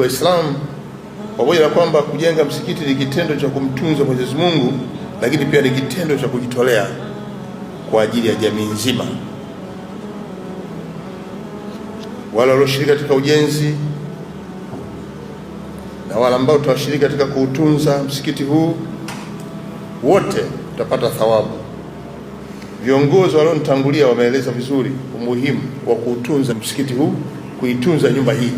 Waislamu, pamoja na kwamba kujenga msikiti ni kitendo cha kumtunza Mwenyezi Mungu, lakini pia ni kitendo cha kujitolea kwa ajili ya jamii nzima. Wale walioshiriki katika ujenzi na wale ambao tutawashiriki katika kuutunza msikiti huu, wote tutapata thawabu. Viongozi walionitangulia wameeleza vizuri umuhimu wa kuutunza msikiti huu, kuitunza nyumba hii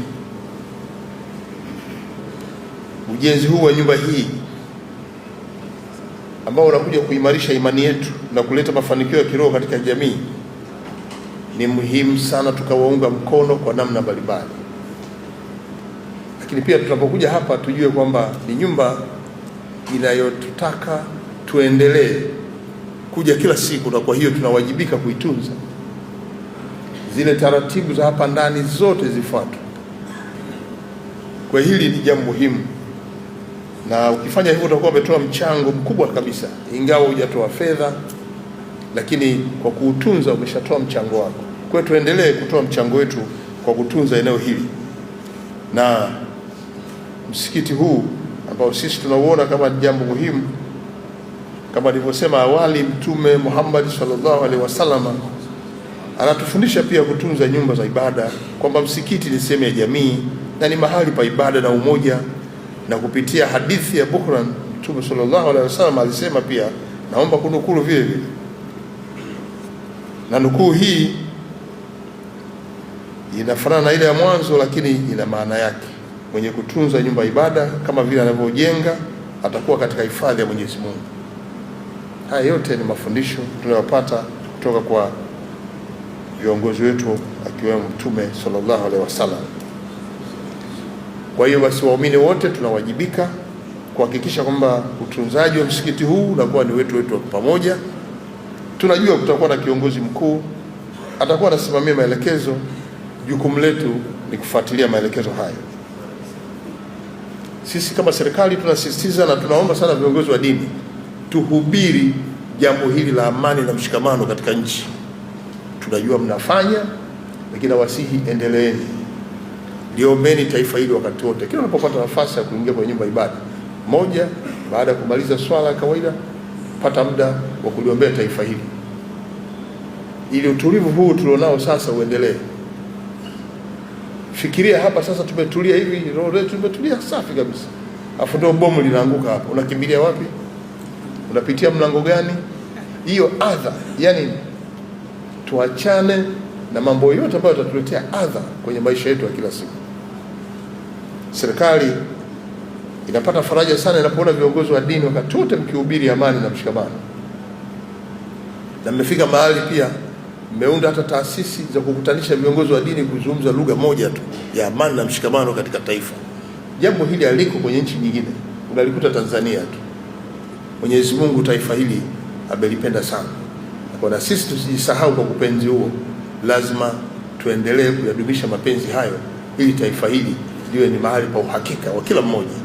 ujenzi huu wa nyumba hii ambao unakuja kuimarisha imani yetu na kuleta mafanikio ya kiroho katika jamii, ni muhimu sana tukawaunga mkono kwa namna mbalimbali, lakini pia tunapokuja hapa tujue kwamba ni nyumba inayotutaka tuendelee kuja kila siku, na kwa hiyo tunawajibika kuitunza. Zile taratibu za hapa ndani zote zifuatwe. Kwa hili ni jambo muhimu na ukifanya hivyo utakuwa umetoa mchango mkubwa kabisa, ingawa hujatoa fedha, lakini kwa kuutunza umeshatoa mchango wako. Kwa hiyo tuendelee kutoa mchango wetu kwa kutunza eneo hili na msikiti huu ambao sisi tunauona kama jambo muhimu. Kama alivyosema awali, Mtume Muhammad sallallahu alaihi wasallam anatufundisha pia kutunza nyumba za ibada, kwamba msikiti ni sehemu ya jamii na ni mahali pa ibada na umoja na kupitia hadithi ya Bukhari Mtume sallallahu alaihi wasallam alisema pia, naomba kunukuru vile vile na nukuu hii inafanana na ile ya mwanzo, lakini ina maana yake. Mwenye kutunza nyumba ibada kama vile anavyojenga atakuwa katika hifadhi ya Mwenyezi Mungu. Haya yote ni mafundisho tunayopata kutoka kwa viongozi wetu akiwemo Mtume sallallahu alaihi wasallam. Kwa hiyo basi, waumini wote tunawajibika kuhakikisha kwamba utunzaji wa msikiti huu unakuwa ni wetu wetu wa pamoja. Tunajua kutakuwa na kiongozi mkuu atakuwa anasimamia maelekezo. Jukumu letu ni kufuatilia maelekezo hayo. Sisi kama serikali tunasisitiza na tunaomba sana viongozi wa dini, tuhubiri jambo hili la amani na mshikamano katika nchi. Tunajua mnafanya, lakini nawasihi endeleeni. Liombeni taifa hili wakati wote, kila unapopata nafasi ya kuingia kwenye nyumba ibada moja, baada ya kumaliza swala ya kawaida, pata muda wa kuliombea taifa hili ili utulivu huu tulionao sasa uendelee. Fikiria hapa sasa, tumetulia hivi, roho letu imetulia safi kabisa, afu ndio bomu linaanguka hapa, unakimbilia wapi? Unapitia mlango gani? Hiyo adha, yani tuachane na mambo yote ambayo yatatuletea adha kwenye maisha yetu ya kila siku serikali inapata faraja sana inapoona viongozi wa dini wakati wote mkihubiri amani na mshikamano, na mmefika mahali pia mmeunda hata taasisi za kukutanisha viongozi wa dini kuzungumza lugha moja tu ya amani na mshikamano katika taifa. Jambo hili haliko kwenye nchi nyingine, unalikuta Tanzania tu. Mwenyezi Mungu taifa hili amelipenda sana, na kwa sisi tusijisahau kwa kupenzi huo, lazima tuendelee kuyadumisha mapenzi hayo ili taifa hili liwe ni mahali pa uhakika wa kila mmoja